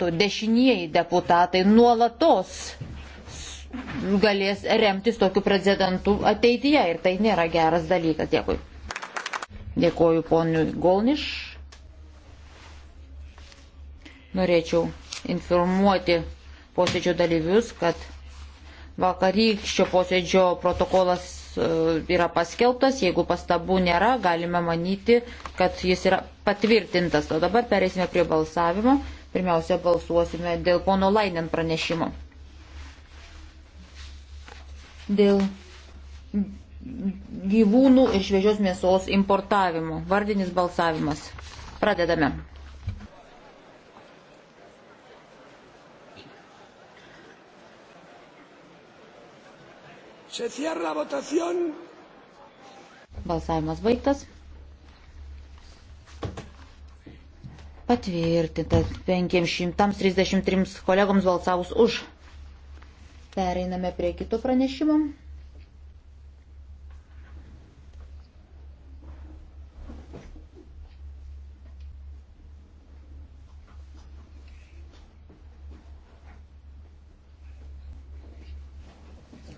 metų dešinieji deputatai nuolatos galės remtis tokiu precedentu ateityje ir tai nėra geras dalykas. Dėkui. Dėkoju poniu Golniš. Norėčiau informuoti posėdžio dalyvius, kad vakarykščio posėdžio protokolas e, yra paskelbtas, jeigu pastabų nėra, galime manyti, kad jis yra patvirtintas. O dabar perėsime prie balsavimo. Pirmiausia, balsuosime dėl pono Lainen pranešimo. Dėl gyvūnų ir šviežios mėsos importavimo. Vardinis balsavimas. Pradedame. Se cierra votación. Balsavimas baigtas. Patvirtinta 533 kolegoms balsavus už. Pereiname prie kito pranešimo.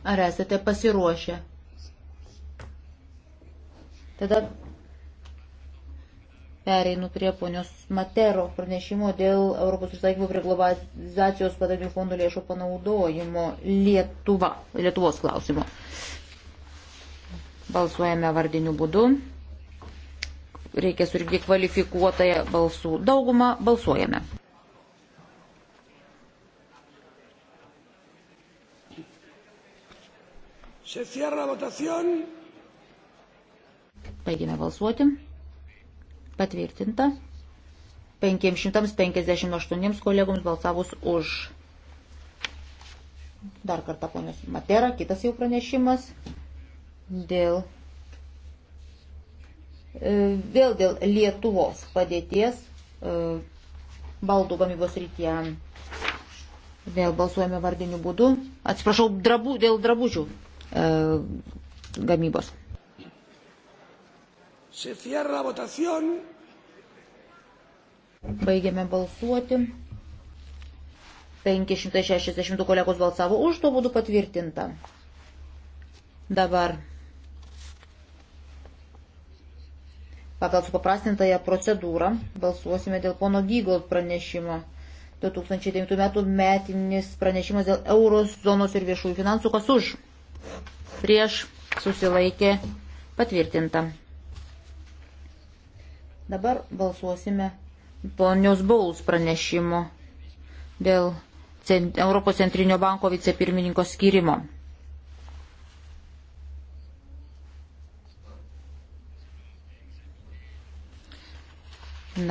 Ar esate pasiruošę? Tada Pereinu prie ponios Matero pranešimo dėl Europos užsakymo prie globalizacijos padarinių fondų lėšų panaudojimo Lietuva, Lietuvos klausimo. Balsuojame vardiniu būdu. Reikia surinkti kvalifikuotąją balsų daugumą. Balsuojame. Se cierra votación. Baigėme balsuoti. Patvirtinta. 558 kolegoms balsavus už. Dar kartą ponios Matera, kitas jau pranešimas dėl, e, vėl dėl Lietuvos padėties e, baldų gamybos rytyje. Vėl balsuojame vardiniu būdu. Atsiprašau, drabu, dėl drabužių e, gamybos. Se cierra la votación. Baigiame balsuoti. 562 kolegos balsavo už, to būdu patvirtinta. Dabar pagal supaprastintąją procedūrą balsuosime dėl pono Gygold pranešimo. 2009 metų metinis pranešimas dėl euros zonos ir viešųjų finansų, kas už. Prieš susilaikė patvirtinta. Dabar balsuosime ponios Bauls pranešimo dėl Europos centrinio banko vicepirmininko skirimo.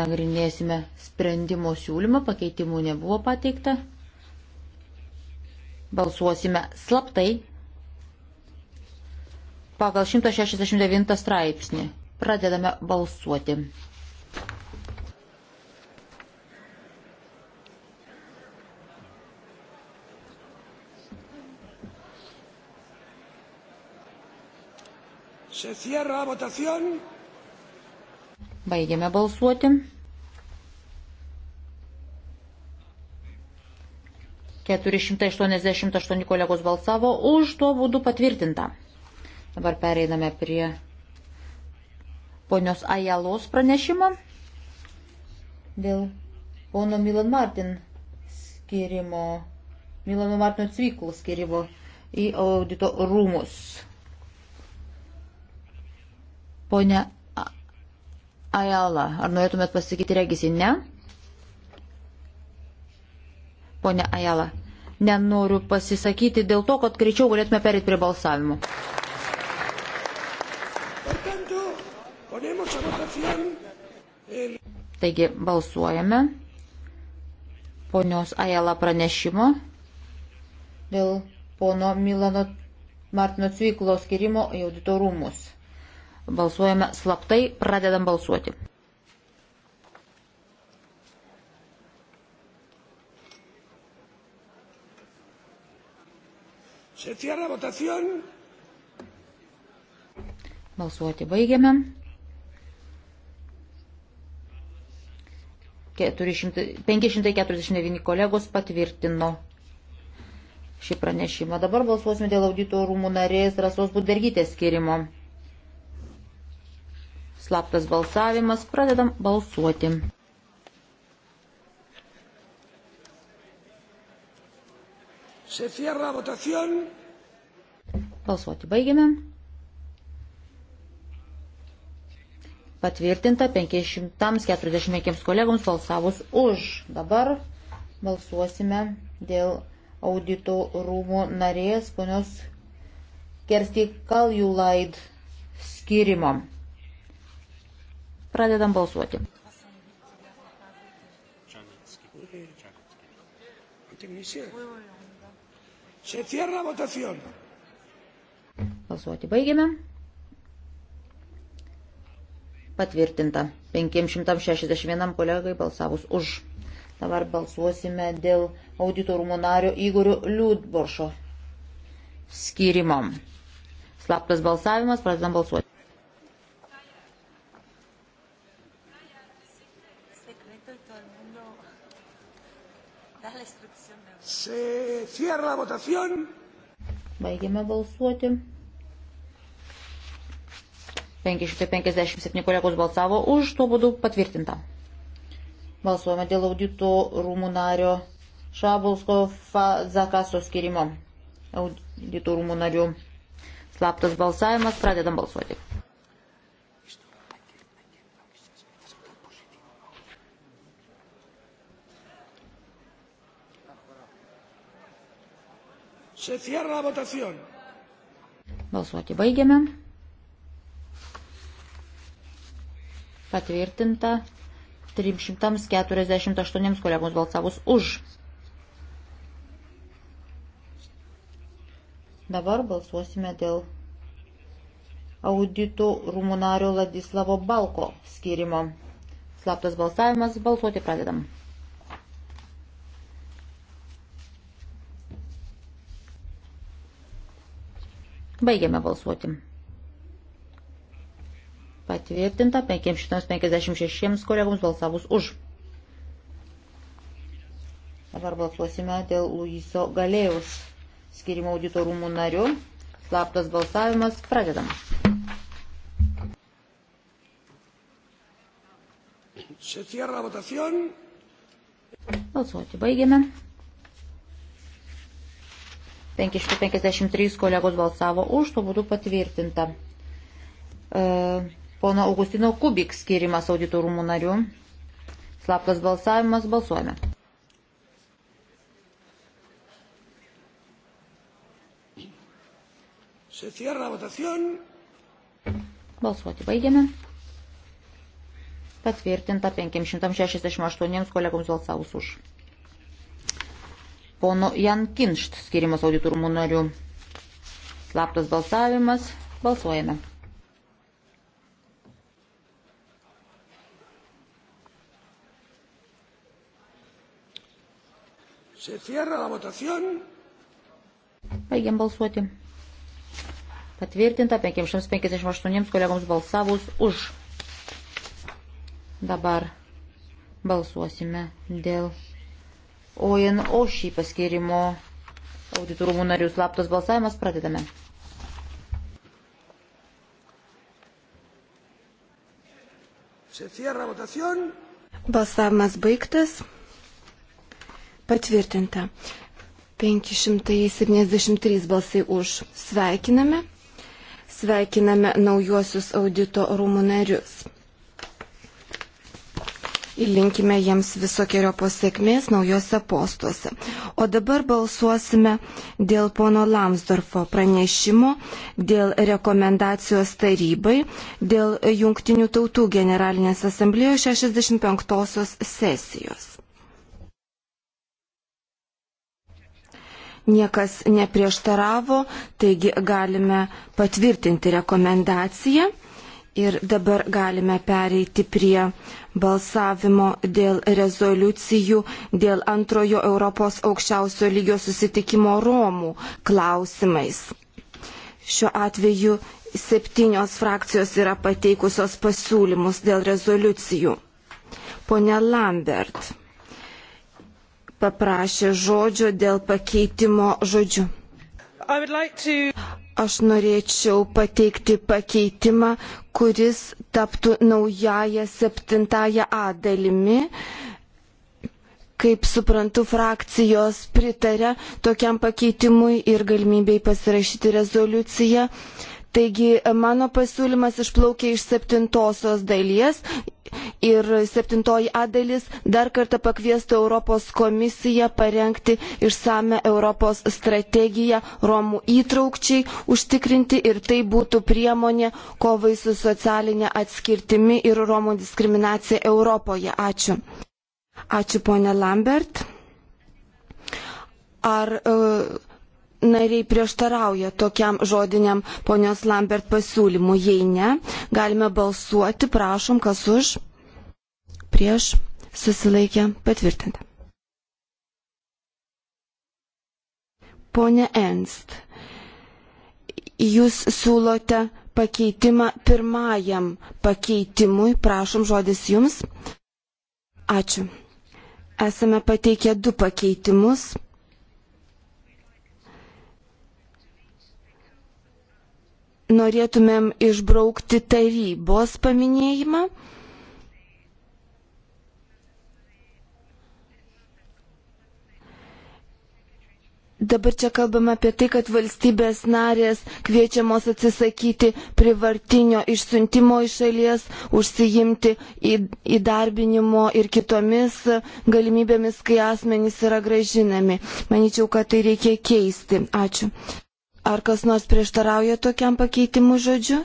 Nagrinėsime sprendimo siūlymą, pakeitimų nebuvo pateikta. Balsuosime slaptai pagal 169 straipsnį. Pradedame balsuoti. Se cierra la votación. Baigiame balsuoti. Keturi šimtai aštuoniasdešimt aštuoni kolegos balsavo už tuo būdu patvirtinta. Dabar pereiname prie ponios Ajalos pranešimo dėl pono Milan Martin skirimo, Milano Martino Cvyklų skirimo į audito rūmus. Pone Ajala, ar norėtumėt pasakyti regisi? Ne? Pone Ajala, nenoriu pasisakyti dėl to, kad greičiau galėtume perėti prie balsavimo. Taigi balsuojame ponios Ajala pranešimo dėl pono Milano Martino Cviklo skirimo į auditorumus. Balsuojame slaptai, pradedam balsuoti. Se cierra votación. Balsuoti baigiame. 400, 549 kolegos patvirtino šį pranešimą. Dabar balsuosime dėl audito rūmų narės Rasos Budergytės skirimo. Slaptas balsavimas. Pradedam balsuoti. Se cierra votación. Balsuoti baigiame. Patvirtinta 545 kolegoms balsavus už. Dabar balsuosime dėl audito rūmų narės ponios Kersti Kaljulaid skirimo. Pradedam balsuoti. Balsuoti baigiame. Patvirtinta. 561 kolegai balsavus už. Dabar balsuosime dėl auditorumo nario Igorio Liudboršo skirimo. Slaptas balsavimas, pradedam balsuoti. Se cierra la votación. Baigiame balsuoti. 557 kolegos balsavo už, tuo būdu patvirtinta. Balsuojame dėl audito rūmų nario Šabulsko Zakaso skirimo. Audito rūmų narių slaptas balsavimas, pradedam balsuoti. Se cierra la votación. Balsuoti baigiame. Patvirtinta 348 kolegos balsavus už. Dabar balsuosime dėl auditų rūmų nario Ladislavo Balko skirimo. Slaptas balsavimas, balsuoti pradedam. Baigiame balsuoti. Patvirtinta 556 kolegoms balsavus už. Dabar balsuosime dėl Luiso Galėjus skirimo auditorumų narių. Slaptas balsavimas. Pradedam. Balsuoti baigiame. 553 kolegos balsavo už, tuo būdu patvirtinta. E, pono Augustino Kubik skirimas auditorumų narių. Slaptas balsavimas, balsuojame. Se cierra votación. Balsuoti baigiame. Patvirtinta 568 kolegoms balsavus už pono Jan Kinšt skirimas auditorumų narių. Slaptas balsavimas. Balsuojame. Se cierra la votación. Baigiam balsuoti. Patvirtinta 558 kolegoms balsavus už. Dabar balsuosime dėl Ojen Ošį paskirimo auditorumų narių slaptas balsavimas. Pradedame. Balsavimas baigtas. Patvirtinta. 573 balsai už. Sveikiname. Sveikiname naujuosius audito rūmų narius ir linkime jiems visokiojo pasiekmės naujose postuose. O dabar balsuosime dėl pono Lamsdorfo pranešimo, dėl rekomendacijos tarybai, dėl Junktinių tautų generalinės asamblėjos 65-osios sesijos. Niekas neprieštaravo, taigi galime patvirtinti rekomendaciją. Ir dabar galime pereiti prie balsavimo dėl rezoliucijų, dėl antrojo Europos aukščiausio lygio susitikimo Romų klausimais. Šiuo atveju septynios frakcijos yra pateikusios pasiūlymus dėl rezoliucijų. Pone Lambert paprašė žodžio dėl pakeitimo žodžiu. Like to aš norėčiau pateikti pakeitimą, kuris taptų naująją septintąją A dalimi. Kaip suprantu, frakcijos pritarė tokiam pakeitimui ir galimybei pasirašyti rezoliuciją. Taigi mano pasiūlymas išplaukė iš septintosios dalies ir 7a dalis dar kartą pakviestų Europos komisiją parengti išsame Europos strategiją Romų įtraukčiai užtikrinti ir tai būtų priemonė kovai su socialinė atskirtimi ir Romų diskriminacija Europoje. Ačiū. Ačiū ponė Lambert. Ar uh, nariai prieštarauja tokiam žodiniam ponios Lambert pasiūlymu. Jei ne, galime balsuoti, prašom, kas už, prieš, susilaikė, patvirtinti. Pone Enst, jūs siūlote pakeitimą pirmajam pakeitimui, prašom žodis jums. Ačiū. Esame pateikę du pakeitimus norėtumėm išbraukti tarybos paminėjimą. Dabar čia kalbame apie tai, kad valstybės narės kviečiamos atsisakyti privartinio išsiuntimo iš šalies, užsijimti įdarbinimo ir kitomis galimybėmis, kai asmenys yra gražinami. Manyčiau, kad tai reikia keisti. Ačiū. Ar kas nors prieštarauja tokiam pakeitimų žodžiu?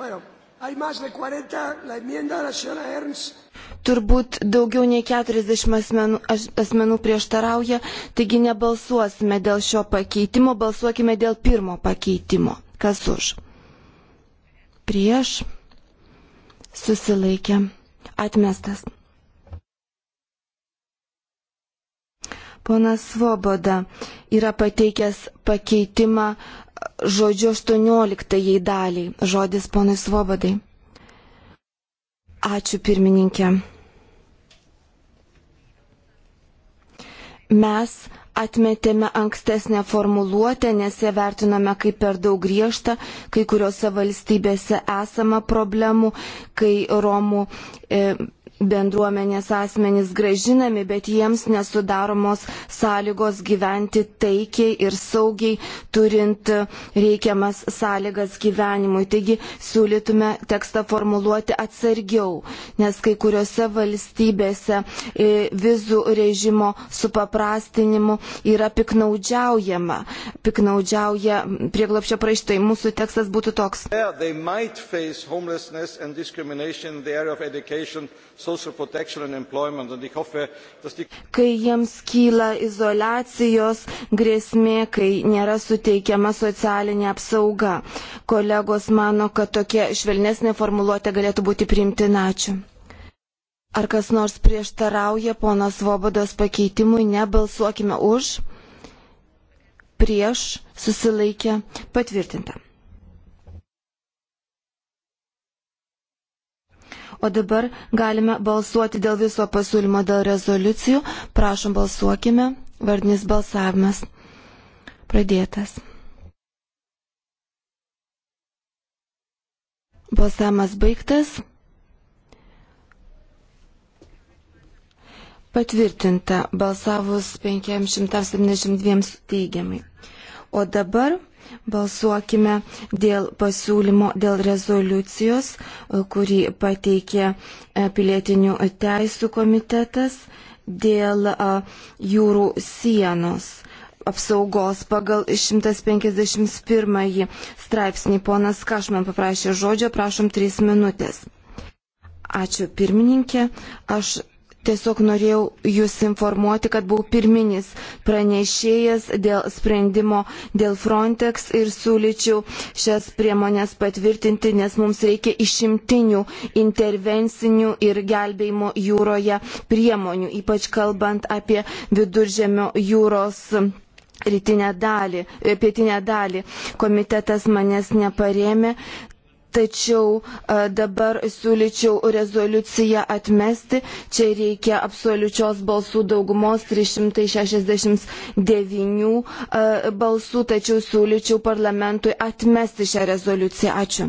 Bueno, Turbūt daugiau nei 40 asmenų, asmenų prieštarauja, taigi nebalsuosime dėl šio pakeitimo, balsuokime dėl pirmo pakeitimo. Kas už? Prieš? Susilaikė. Atmestas. Ponas Svoboda yra pateikęs pakeitimą žodžiu 18 daliai. Žodis ponui Svobodai. Ačiū pirmininkė. Mes atmetėme ankstesnę formuluotę, nes ją vertiname kaip per daug griežtą, kai kuriuose valstybėse esama problemų, kai Romų e, bendruomenės asmenys gražinami, bet jiems nesudaromos sąlygos gyventi taikiai ir saugiai, turint reikiamas sąlygas gyvenimui. Taigi siūlytume tekstą formuluoti atsargiau, nes kai kuriuose valstybėse e, vizų režimo supaprastinimu yra piknaudžiaujama. Piknaudžiauja prieglapščio praštai. Mūsų tekstas būtų toks. Yeah, Kai jiems kyla izolacijos grėsmė, kai nėra suteikiama socialinė apsauga, kolegos mano, kad tokia švelnesnė formuluotė galėtų būti priimtina. Ačiū. Ar kas nors prieštarauja ponos Vobodos pakeitimui, nebalsuokime už, prieš, susilaikę, patvirtinta. O dabar galime balsuoti dėl viso pasiūlymo dėl rezoliucijų. Prašom balsuokime. Vardinis balsavimas pradėtas. Balsavimas baigtas. Patvirtinta balsavus 572 teigiamai. O dabar Balsuokime dėl pasiūlymo, dėl rezoliucijos, kurį pateikė e, pilietinių teisų komitetas dėl e, jūrų sienos apsaugos pagal 151 straipsnį. Ponas Kašman paprašė žodžio, prašom 3 minutės. Ačiū pirmininkė, aš Tiesiog norėjau Jūs informuoti, kad buvau pirminis pranešėjas dėl sprendimo dėl Frontex ir siūlyčiau šias priemonės patvirtinti, nes mums reikia išimtinių intervencinių ir gelbėjimo jūroje priemonių, ypač kalbant apie viduržėmio jūros rytinę dalį, pietinę dalį. Komitetas manęs neparėmė, Tačiau e, dabar siūlyčiau rezoliuciją atmesti. Čia reikia absoliučios balsų daugumos 369 e, balsų, tačiau siūlyčiau parlamentui atmesti šią rezoliuciją. Ačiū.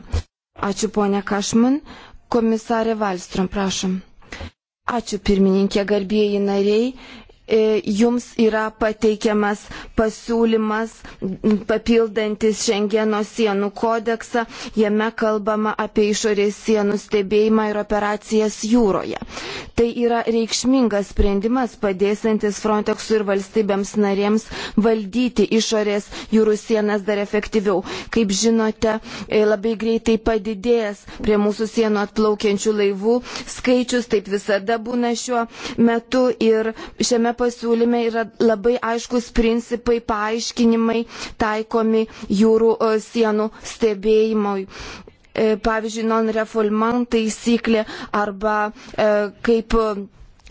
Ačiū ponė Kašman. Komisarė Valstrom, prašom. Ačiū pirmininkė, garbėjai nariai. E, jums yra pateikiamas pasiūlymas papildantis Šengeno sienų kodeksą. Jame kalbama apie išorės sienų stebėjimą ir operacijas jūroje. Tai yra reikšmingas sprendimas padėsantis Frontexui ir valstybėms narėms valdyti išorės jūrų sienas dar efektyviau. Kaip žinote, e, labai greitai padidėjęs prie mūsų sienų atplaukiančių laivų skaičius, taip visada būna šiuo metu ir šiame pasiūlyme yra labai aiškus principai, paaiškinimai taikomi jūrų e, sienų stebėjimui e, pavyzdžiui, non-refoulement taisyklė arba e, kaip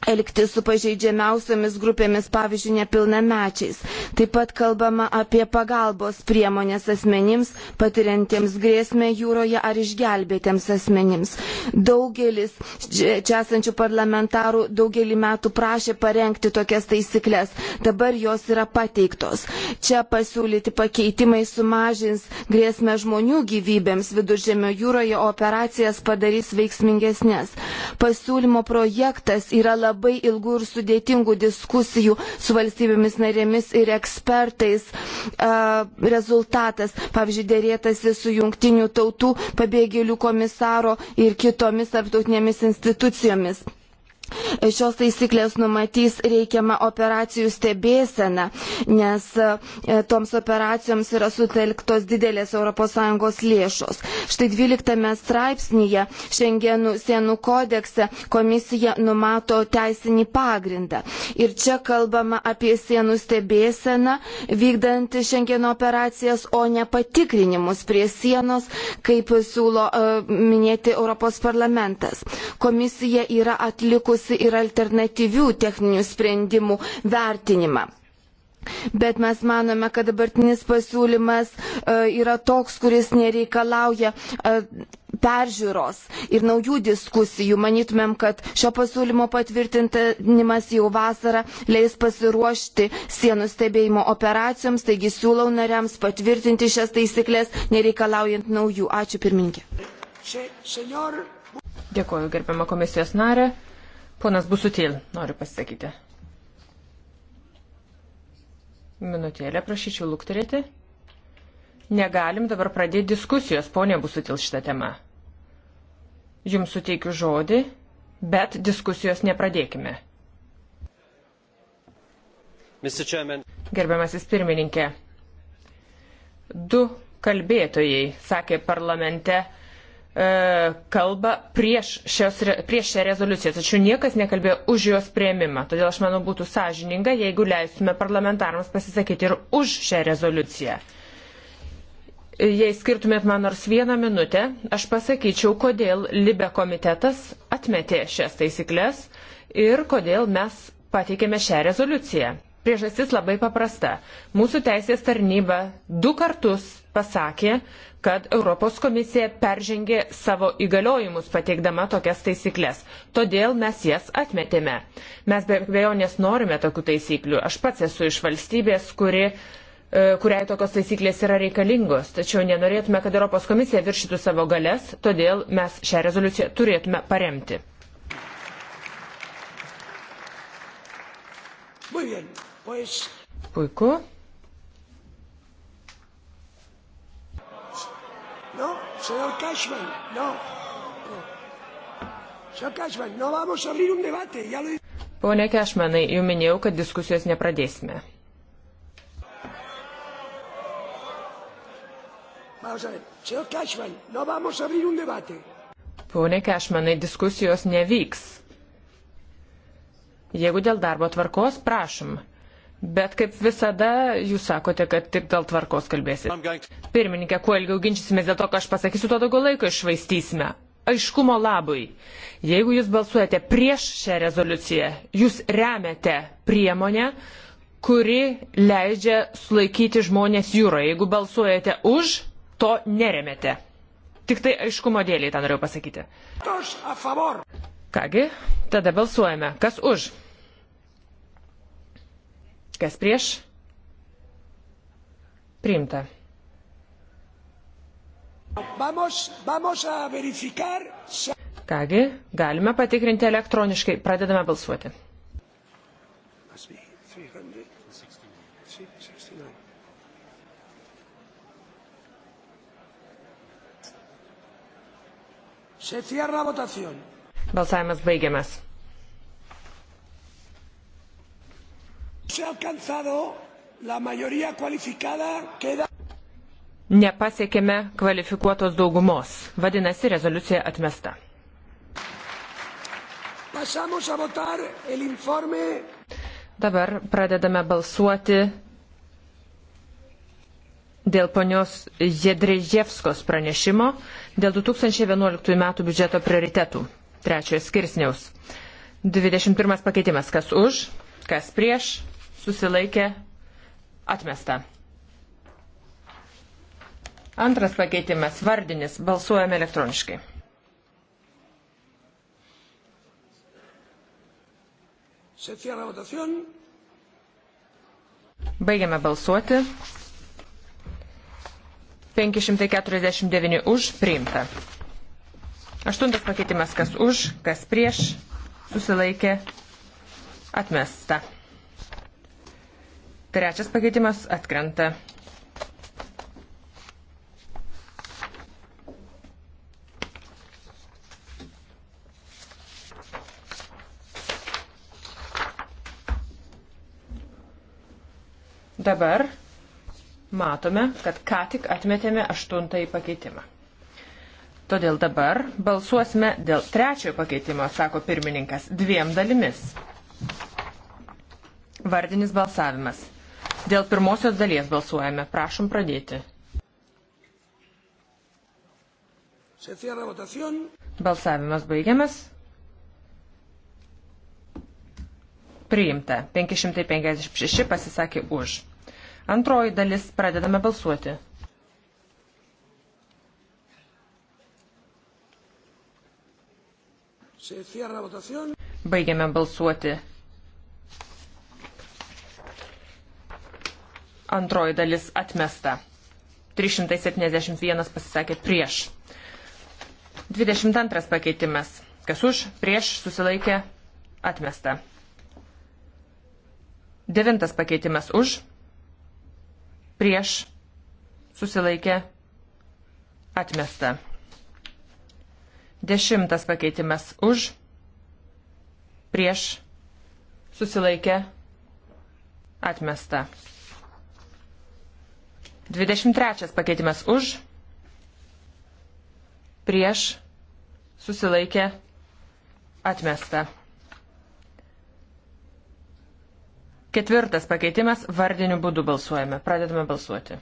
elgtis su pažeidžiamiausiamis grupėmis, pavyzdžiui, nepilnamečiais. Taip pat kalbama apie pagalbos priemonės asmenims, patiriantiems grėsmę jūroje ar išgelbėtiems asmenims. Daugelis čia esančių parlamentarų daugelį metų prašė parengti tokias taisyklės. Dabar jos yra pateiktos. Čia pasiūlyti pakeitimai sumažins grėsmę žmonių gyvybėms viduržėmio jūroje, o operacijas padarys veiksmingesnės. Pasiūlymo projektas yra labai labai ilgų ir sudėtingų diskusijų su valstybėmis narėmis ir ekspertais rezultatas. Pavyzdžiui, dėrėtasi su jungtinių tautų pabėgėlių komisaro ir kitomis tarptautinėmis institucijomis. Šios taisyklės numatys reikiamą operacijų stebėseną, nes e, toms operacijoms yra sutelktos didelės ES lėšos. Štai 12 straipsnėje Šengenų sienų kodekse komisija numato teisinį pagrindą. Ir čia kalbama apie sienų stebėseną, vykdant Šengeno operacijas, o ne patikrinimus prie sienos, kaip siūlo uh, minėti Europos parlamentas. Komisija yra atlikusi atliekusi ir alternatyvių techninių sprendimų vertinimą. Bet mes manome, kad dabartinis pasiūlymas e, yra toks, kuris nereikalauja e, peržiūros ir naujų diskusijų. Manytumėm, kad šio pasiūlymo patvirtintinimas jau vasarą leis pasiruošti sienų stebėjimo operacijoms, taigi siūlau nariams patvirtinti šias taisyklės, nereikalaujant naujų. Ačiū pirmininkė. Dėkuoju, gerbiama komisijos narė. Ponas Busutil, noriu pasakyti. Minutėlę prašyčiau lukterėti. Negalim dabar pradėti diskusijos, ponė Busutil, šitą temą. Jums suteikiu žodį, bet diskusijos nepradėkime. Gerbiamasis pirmininkė, du kalbėtojai sakė parlamente, E, kalba prieš, šios, prieš šią rezoliuciją, tačiau niekas nekalbėjo už jos prieimimą. Todėl aš manau būtų sąžininga, jeigu leistume parlamentarams pasisakyti ir už šią rezoliuciją. Jei skirtumėt man nors vieną minutę, aš pasakyčiau, kodėl Libe komitetas atmetė šias taisyklės ir kodėl mes pateikėme šią rezoliuciją. Priežastis labai paprasta. Mūsų teisės tarnyba du kartus pasakė, kad Europos komisija peržengė savo įgaliojimus pateikdama tokias taisyklės. Todėl mes jas atmetėme. Mes be abejonės norime tokių taisyklių. Aš pats esu iš valstybės, kuri, e, kuriai tokios taisyklės yra reikalingos. Tačiau nenorėtume, kad Europos komisija viršytų savo galės, todėl mes šią rezoliuciją turėtume paremti. Puiku. Señor Cashman, no. Señor Cashman, no vamos a abrir un debate, ya lo Pone Kešmanai, jau minėjau, kad diskusijos nepradėsime. Pone Kešmanai, diskusijos nevyks. Jeigu dėl darbo tvarkos, prašom, Bet kaip visada, jūs sakote, kad tik dėl tvarkos kalbėsit. Pirmininkė, kuo ilgiau ginčysimės dėl to, ką aš pasakysiu, tuo daugiau laiko išvaistysime. Aiškumo labui. Jeigu jūs balsuojate prieš šią rezoliuciją, jūs remiate priemonę, kuri leidžia sulaikyti žmonės jūroje. Jeigu balsuojate už, to neremete. Tik tai aiškumo dėliai tą norėjau pasakyti. Kągi, tada balsuojame. Kas už? Kas prieš? Priimta. Kągi, galime patikrinti elektroniškai. Pradedame balsuoti. Balsavimas baigiamas. Se ha alcanzado la mayoría cualificada queda. Nepasiekėme kvalifikuotos daugumos. Vadinasi, rezoliucija atmesta. Dabar pradedame balsuoti dėl ponios Jedreževskos pranešimo dėl 2011 m. biudžeto prioritetų. Trečiojo skirsniaus. 21 pakeitimas. Kas už, kas prieš, susilaikė, atmesta. Antras pakeitimas, vardinis, balsuojame elektroniškai. Baigiame balsuoti. 549 už priimta. Aštuntas pakeitimas, kas už, kas prieš, susilaikė, atmesta. Trečias pakeitimas atkrenta. Dabar matome, kad ką tik atmetėme aštuntąjį pakeitimą. Todėl dabar balsuosime dėl trečiojo pakeitimo, sako pirmininkas, dviem dalimis. Vardinis balsavimas. Dėl pirmosios dalies balsuojame. Prašom pradėti. Balsavimas baigiamas. Priimta. 556 pasisakė už. Antroji dalis pradedame balsuoti. Baigiame balsuoti. Antroji dalis atmesta. 371 pasisakė prieš. 22 pakeitimas. Kas už, prieš, susilaikė, atmesta. Devintas pakeitimas už, prieš, susilaikė, atmesta. Dešimtas pakeitimas už, prieš, susilaikė, atmesta. 23 pakeitimas už, prieš, susilaikė, atmesta. Ketvirtas pakeitimas vardiniu būdu balsuojame. Pradedame balsuoti.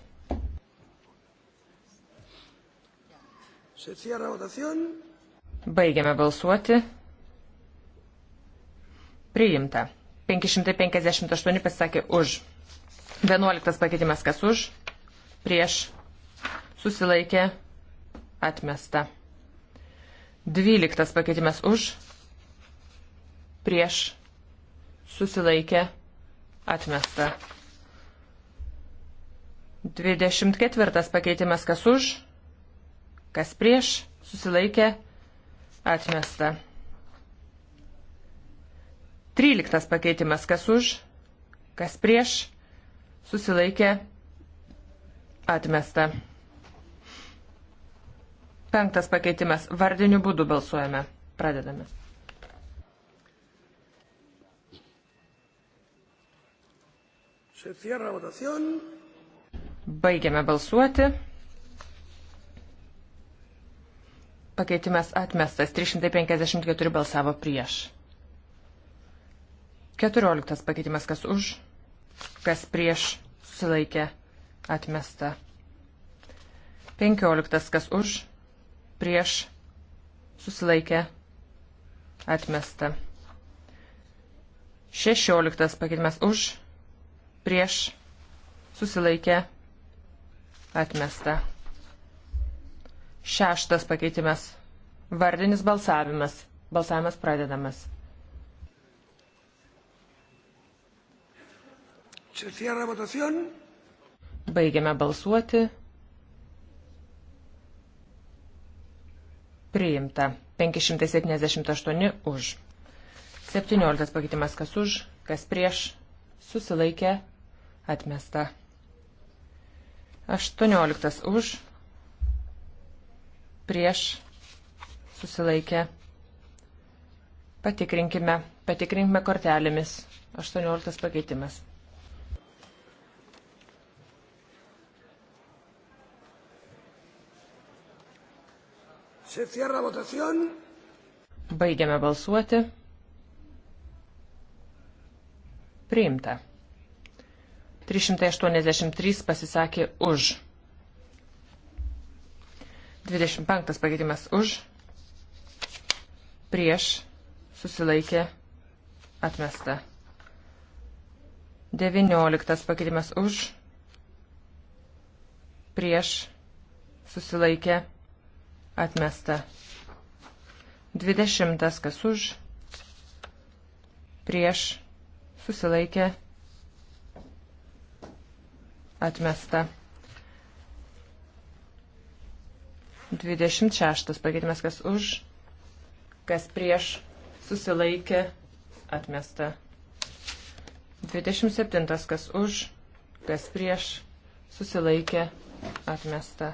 Baigiame balsuoti. Priimta. 558 pasisakė už. 11 pakeitimas kas už prieš susilaikė atmesta. Dvyliktas pakeitimas už, prieš susilaikė atmesta. Dvidešimt ketvirtas pakeitimas kas už, kas prieš susilaikė atmesta. Tryliktas pakeitimas kas už, kas prieš susilaikė atmesta Atmesta. Penktas pakeitimas. Vardiniu būdu balsuojame. Pradedame. Baigiame balsuoti. Pakeitimas atmestas. 354 balsavo prieš. 14 pakeitimas kas už, kas prieš susilaikė Atmesta. 15. Kas už? Prieš. Susilaikė. Atmesta. 16. Pakeitimas už. Prieš. Susilaikė. Atmesta. Šeštas pakeitimas. Vardinis balsavimas. Balsavimas pradedamas. Se cierra votación. Baigiame balsuoti. Priimta. 578 už. 17 pakeitimas kas už, kas prieš. Susilaikė. Atmesta. 18 už. Prieš. Susilaikė. Patikrinkime. Patikrinkime kortelėmis. 18 pakeitimas. Baigiame balsuoti. Priimta. 383 pasisakė už. 25 pakeitimas už. Prieš susilaikė atmesta. 19 pakeitimas už. Prieš susilaikė atmesta Atmesta. 20. Kas už? Prieš. Susilaikė. Atmesta. 26. Pakeitimas kas už, kas prieš, susilaikė, atmesta. 27. Kas už, kas prieš, susilaikė, atmesta.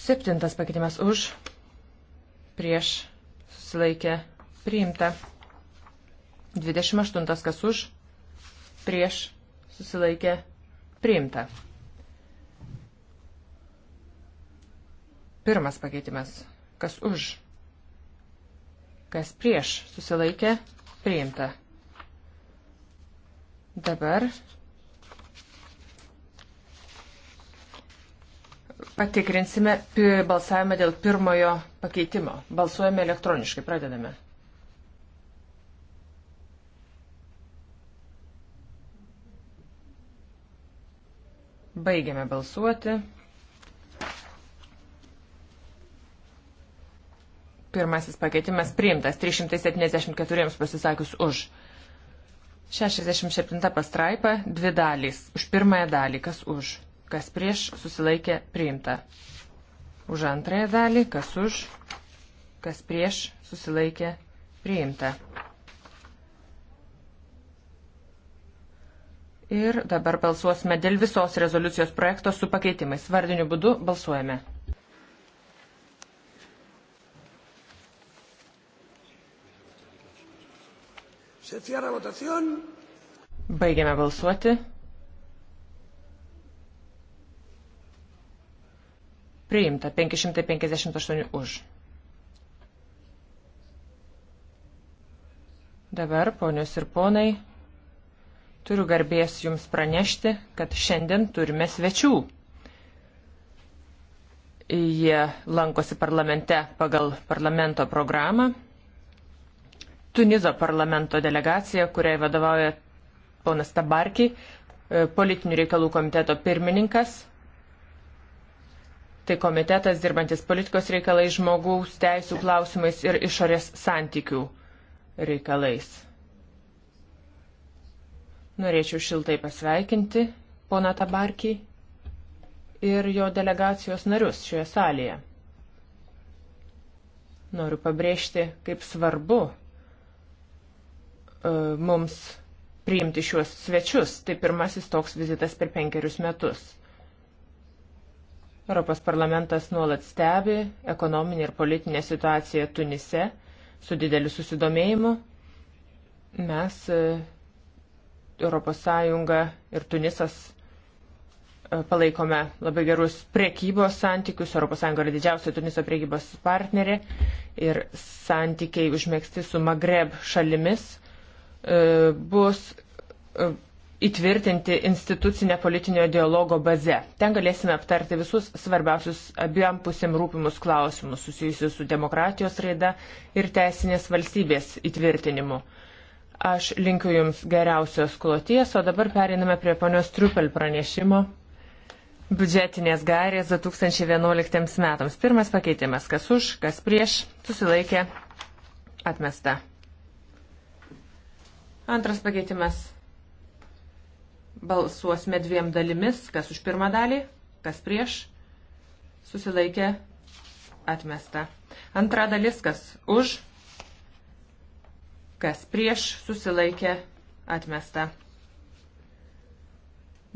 Septintas pakeitimas už, prieš, susilaikė, priimta. 28 kas už, prieš, susilaikė, priimta. Pirmas pakeitimas, kas už, kas prieš, susilaikė, priimta. Dabar Patikrinsime balsavimą dėl pirmojo pakeitimo. Balsuojame elektroniškai. Pradedame. Baigiame balsuoti. Pirmasis pakeitimas priimtas 374 pasisakius už. 67 pastraipa, dvi dalys. Už pirmąją dalį, kas už kas prieš susilaikė priimta. Už antrąją dalį, kas už, kas prieš susilaikė priimta. Ir dabar balsuosime dėl visos rezoliucijos projekto su pakeitimais. Vardiniu būdu balsuojame. Baigiame balsuoti. Priimta 558 už. Dabar, ponios ir ponai, turiu garbės Jums pranešti, kad šiandien turime svečių. Jie lankosi parlamente pagal parlamento programą. Tunizo parlamento delegacija, kuriai vadovauja ponas Tabarki, e, politinių reikalų komiteto pirmininkas Tai komitetas dirbantis politikos reikalais, žmogaus teisų klausimais ir išorės santykių reikalais. Norėčiau šiltai pasveikinti poną Tabarkį ir jo delegacijos narius šioje salėje. Noriu pabrėžti, kaip svarbu uh, mums priimti šiuos svečius. Tai pirmasis toks vizitas per penkerius metus. Europos parlamentas nuolat stebi ekonominę ir politinę situaciją Tunise su dideliu susidomėjimu. Mes, ES ir Tunisas e, palaikome labai gerus priekybos santykius. ES yra didžiausia Tuniso priekybos partnerė ir santykiai užmėgsti su Magreb šalimis e, bus e, įtvirtinti institucinę politinio dialogo bazę. Ten galėsime aptarti visus svarbiausius abiem pusėm rūpimus klausimus susijusius su demokratijos raida ir teisinės valstybės įtvirtinimu. Aš linkiu Jums geriausios kloties, o dabar periname prie ponios Triupel pranešimo. Biudžetinės gairės 2011 metams. Pirmas pakeitimas, kas už, kas prieš, susilaikė, atmesta. Antras pakeitimas Balsuosime dviem dalimis, kas už pirmą dalį, kas prieš, susilaikė, atmesta. Antra dalis, kas už, kas prieš, susilaikė, atmesta.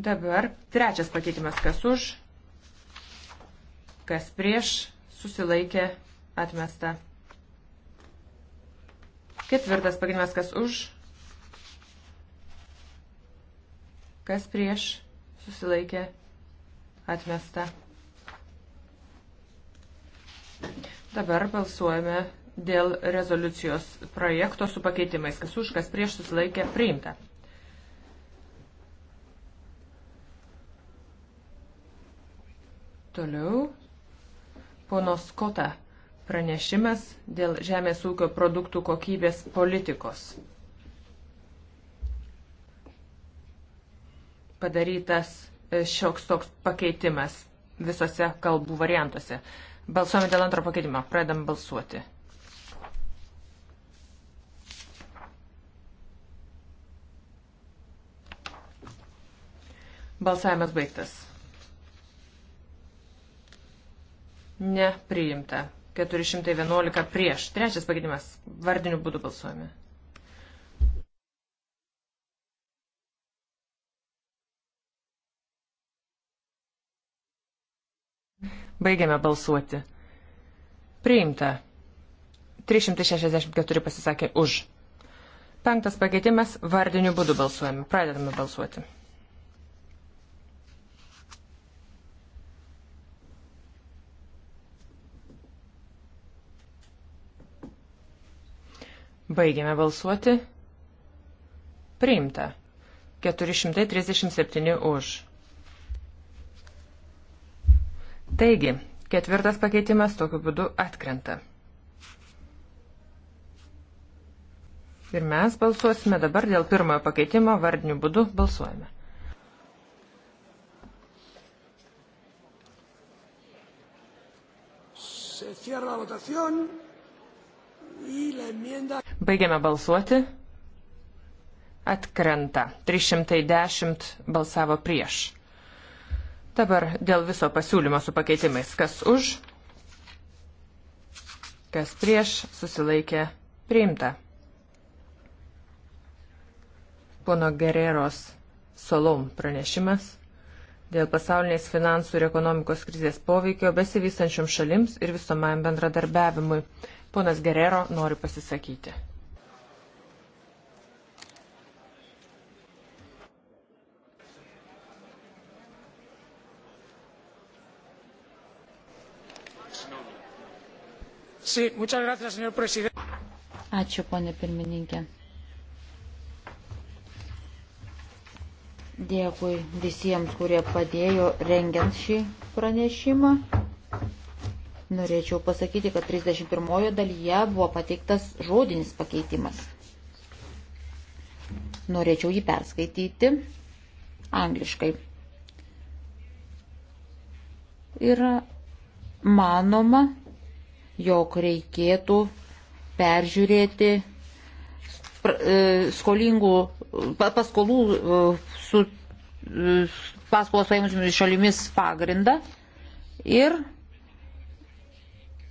Dabar trečias pakeitimas, kas už, kas prieš, susilaikė, atmesta. Ketvirtas pakeitimas, kas už, Kas prieš susilaikė atmesta. Dabar balsuojame dėl rezoliucijos projekto su pakeitimais. Kas už, kas prieš susilaikė priimta. Toliau. Pono Skota pranešimas dėl žemės ūkio produktų kokybės politikos. padarytas e, šioks toks pakeitimas visose kalbų variantuose. Balsuojame dėl antro pakeitimo. Pradedam balsuoti. Balsavimas baigtas. Nepriimta. 411 prieš. Trečias pakeitimas. Vardiniu būdu balsuojame. Baigiame balsuoti. Priimta. 364 pasisakė už. Penktas pakeitimas – vardiniu būdu balsuojame. Pradedame balsuoti. Baigiame balsuoti. Priimta. 437 už. Taigi, ketvirtas pakeitimas tokiu būdu atkrenta. Ir mes balsuosime dabar dėl pirmojo pakeitimo vardiniu būdu balsuojame. Baigiame balsuoti. Atkrenta. 310 balsavo prieš. Dabar dėl viso pasiūlymo su pakeitimais. Kas už, kas prieš, susilaikė priimta. Pono Gereros Solom pranešimas dėl pasaulinės finansų ir ekonomikos krizės poveikio besivystančiom šalims ir visomajam bendradarbiavimui. Ponas Gerero nori pasisakyti. Sí, gracias, Ačiū, ponė pirmininkė. Dėkui visiems, kurie padėjo rengiant šį pranešimą. Norėčiau pasakyti, kad 31 dalyje buvo pateiktas žodinis pakeitimas. Norėčiau jį perskaityti angliškai. Yra manoma, jog reikėtų peržiūrėti e, skolingų paskolų e, su e, paskolos paimtumis šalimis pagrindą ir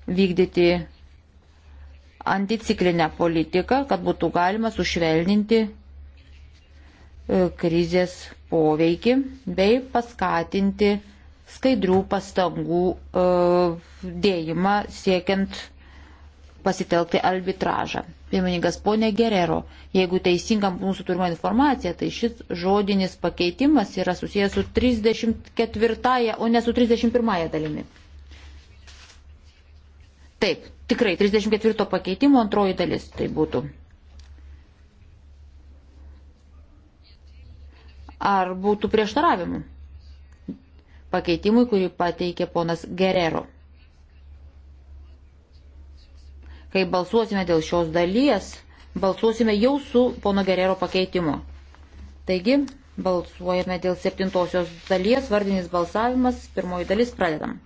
vykdyti anticiklinę politiką, kad būtų galima sušvelninti krizės poveikį bei paskatinti skaidrių pastangų e, dėjimą siekiant pasitelkti arbitražą. Pirmininkas ponė Gerero, jeigu teisinga mūsų turima informacija, tai šis žodinis pakeitimas yra susijęs su 34, o ne su 31 dalimi. Taip, tikrai 34 pakeitimo antroji dalis tai būtų. Ar būtų prieštaravimų? pakeitimui, kurį pateikė ponas Gerero. Kai balsuosime dėl šios dalies, balsuosime jau su pono Gerero pakeitimu. Taigi, balsuojame dėl septintosios dalies, vardinis balsavimas, pirmoji dalis pradedam.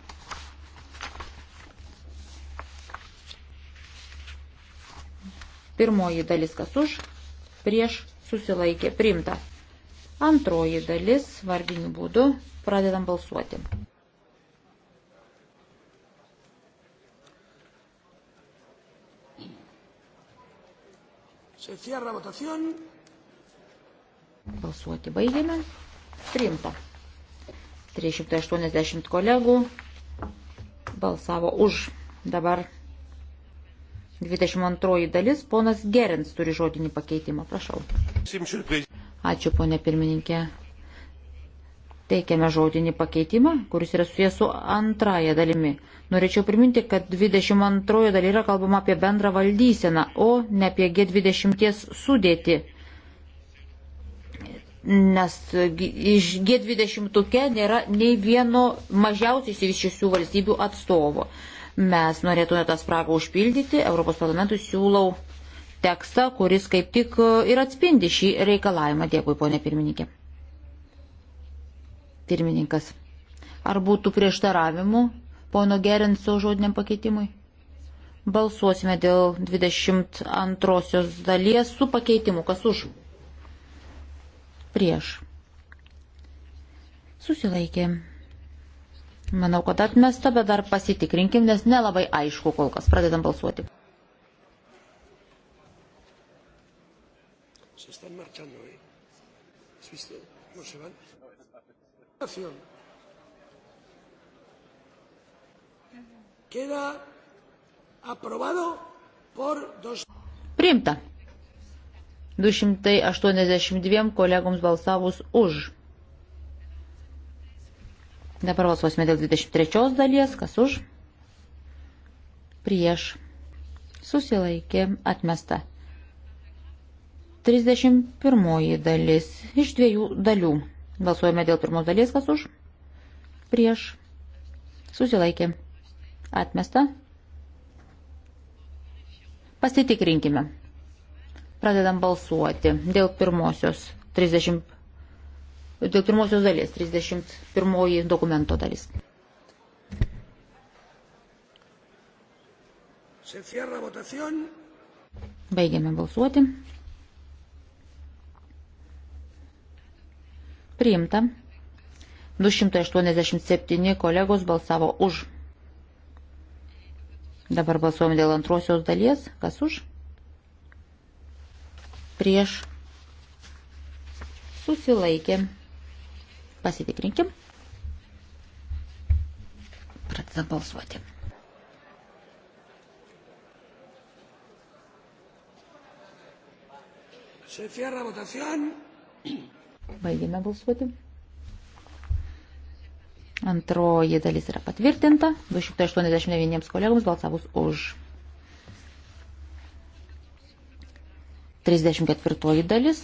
Pirmoji dalis kas už, prieš susilaikė, primta. Antroji dalis vardiniu būdu Pradedam balsuoti. Balsuoti baigėme. Priimta. 380 kolegų balsavo už. Dabar 22 dalis. Ponas Gerins turi žodinį pakeitimą. Prašau. Ačiū, ponė pirmininkė teikiame žodinį pakeitimą, kuris yra susijęs su antraja dalimi. Norėčiau priminti, kad 22 daly yra kalbama apie bendrą valdyseną, o ne apie G20 sudėti. Nes iš G20 nėra nei vieno mažiausiai įsivyščiusių valstybių atstovo. Mes norėtume tą spragą užpildyti. Europos parlamentui siūlau tekstą, kuris kaip tik ir atspindi šį reikalavimą. Dėkui, ponė pirmininkė. Pirmininkas, ar būtų prieštaravimų pono Gerinso žodiniam pakeitimui? Balsuosime dėl 22 dalies su pakeitimu. Kas už? Prieš. Susilaikė. Manau, kad atmesta, bet dar pasitikrinkim, nes nelabai aišku kol kas. Pradedam balsuoti. Se están marchando, ¿eh? ¿Has visto? No se van votación. Queda aprobado por dos. Priimta. 282 kolegoms balsavus už. Dabar balsuosime dėl 23 dalies, kas už, prieš, susilaikė, atmesta. 31 dalis iš dviejų dalių. Balsuojame dėl pirmos dalies, kas už, prieš, susilaikė, atmesta. Pasitikrinkime. Pradedam balsuoti dėl pirmosios, 30, dėl pirmosios dalies, 31 dokumento dalis. Baigiame balsuoti. Priimta. 287 kolegos balsavo už. Dabar balsuojam dėl antrosios dalies. Kas už? Prieš. Susilaikė. Pasitikrinkim. Pradedam balsuoti. Se cierra votación. Baigėme balsuoti. Antroji dalis yra patvirtinta. 289 kolegams balsavus už. 34 dalis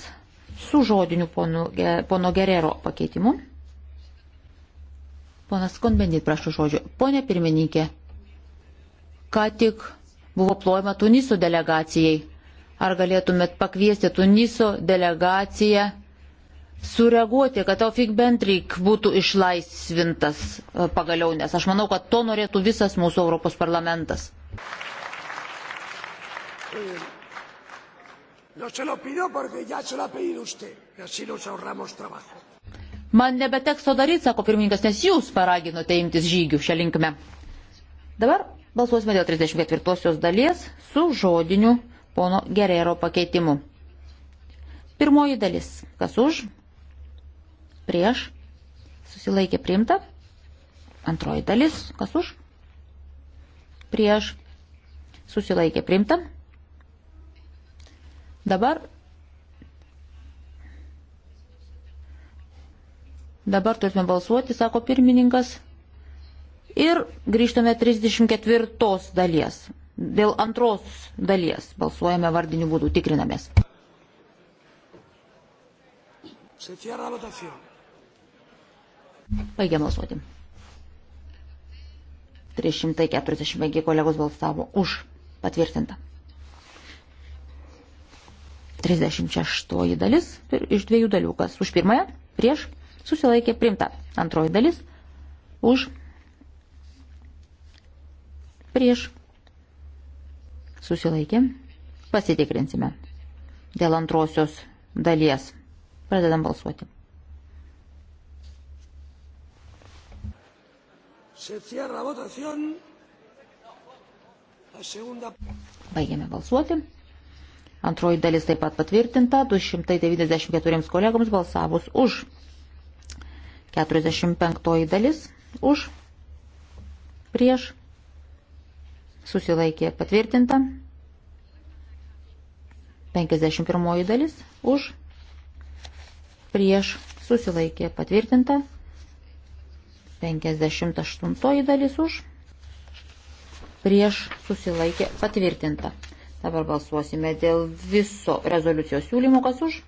su žodiniu pono, pono Gerero pakeitimu. Ponas Konbendit, prašau žodžio. Pone pirmininkė, ką tik buvo plojama Tuniso delegacijai. Ar galėtumėt pakviesti Tuniso delegaciją? sureaguoti, kad Taufik Bendrik būtų išlaisvintas e, pagaliau, nes aš manau, kad to norėtų visas mūsų Europos parlamentas. Man nebeteks to daryti, sako pirmininkas, nes jūs paraginote imtis žygių šią linkmę. Dabar balsuosime dėl 34 dalies su žodiniu pono Gerero pakeitimu. Pirmoji dalis. Kas už? prieš, susilaikė priimta. Antroji dalis, kas už, prieš, susilaikė priimta. Dabar, dabar turime balsuoti, sako pirmininkas. Ir grįžtame 34 dalies. Dėl antros dalies balsuojame vardiniu būdu, tikrinamės. Se cierra la votación. Baigiam balsuoti. 345 kolegos balsavo už patvirtinta. 36 dalis iš dviejų dalių, kas už pirmąją, prieš, susilaikė primta. Antroji dalis, už, prieš, susilaikė. Pasitikrinsime dėl antrosios dalies. Pradedam balsuoti. Se cierra votación. La segunda. Baigėme balsuoti. Antroji dalis taip pat patvirtinta. 294 kolegoms balsavus už. 45 dalis už. Prieš. Susilaikė patvirtinta. 51 dalis už. Prieš. Susilaikė patvirtinta. 58 dalis už, prieš susilaikė patvirtinta. Dabar balsuosime dėl viso rezoliucijos siūlymo, kas už.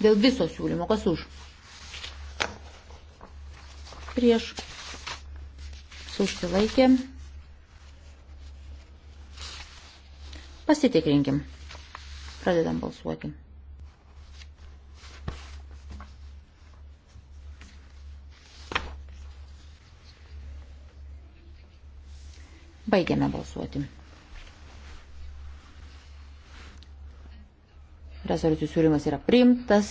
Dėl viso siūlymo, kas už. Prieš susilaikė. Pasitikrinkim. Pradedam balsuoti. Baigiame balsuoti. Rezoliucijų siūlymas yra priimtas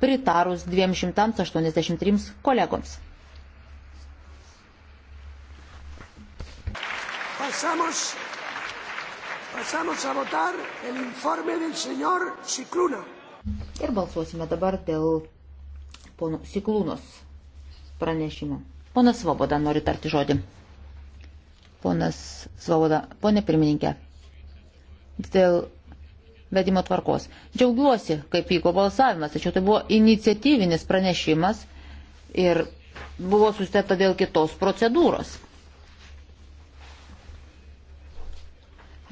pritarus 283 kolegoms. Pasamos, pasamos a votar el informe del señor Cicluna. Ir balsuosime dabar dėl pono Siklūnos pranešimo. Ponas Svoboda nori tarti žodį. Ponas Svoboda, ponė pirmininkė, dėl vedimo tvarkos. Džiaugiuosi, kaip vyko balsavimas, tačiau tai buvo iniciatyvinis pranešimas ir buvo sustėta dėl kitos procedūros.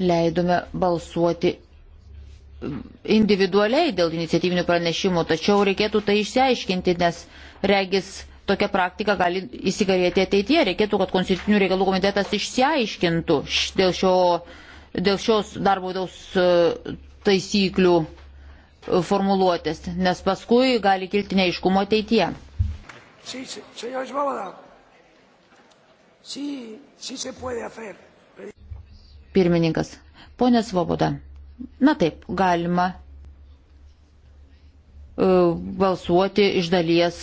Leidome balsuoti individualiai dėl iniciatyvinių pranešimų, tačiau reikėtų tai išsiaiškinti, nes regis tokia praktika gali įsigalėti ateityje. Reikėtų, kad konstitucinių reikalų komitetas išsiaiškintų dėl, šio, dėl šios darbo daus e, taisyklių e, formuluotės, nes paskui gali kilti neiškumo ateityje. Sí, señor Svoboda, sí, sí se puede hacer. Pirmininkas, ponė Svoboda, na taip, galima e, balsuoti iš dalies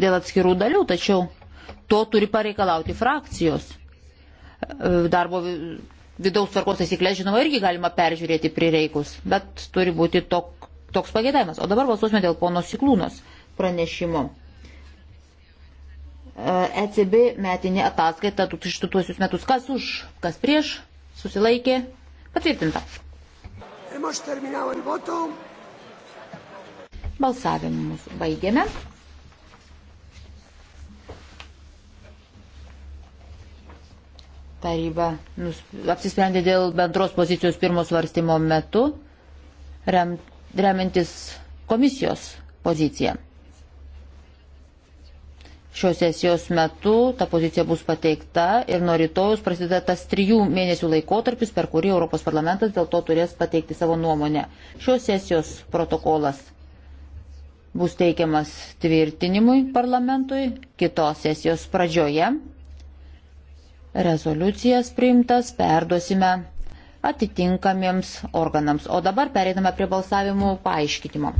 dėl atskirų dalių, tačiau to turi pareikalauti frakcijos. E, darbo vidaus tvarkos taisyklės, žinoma, irgi galima peržiūrėti prireikus, bet turi būti tok, toks pagėdavimas. O dabar balsuosime dėl pono Siklūnos pranešimo. ECB e metinė ataskaita 2002 metus. Kas už, kas prieš, susilaikė, patvirtinta. Balsavimus baigėme. taryba apsisprendė dėl bendros pozicijos pirmo svarstymo metu, rem, remintis komisijos poziciją. Šios sesijos metu ta pozicija bus pateikta ir nuo rytojus prasideda tas trijų mėnesių laikotarpis, per kurį Europos parlamentas dėl to turės pateikti savo nuomonę. Šios sesijos protokolas bus teikiamas tvirtinimui parlamentui kitos sesijos pradžioje rezoliucijas priimtas perduosime atitinkamiems organams. O dabar pereiname prie balsavimų paaiškinimo.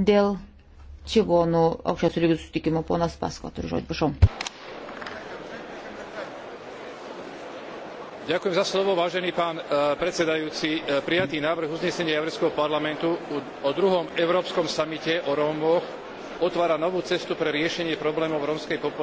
Dėl Čigonų aukščiausių lygių susitikimo ponas Pasko turi žodį, prašau. Ďakujem za slovo, vážený pán e, predsedajúci. E, prijatý návrh uznesenia Európskeho parlamentu o druhom Európskom samite o Rómoch otvára novú cestu pre riešenie problémov rómskej populácie.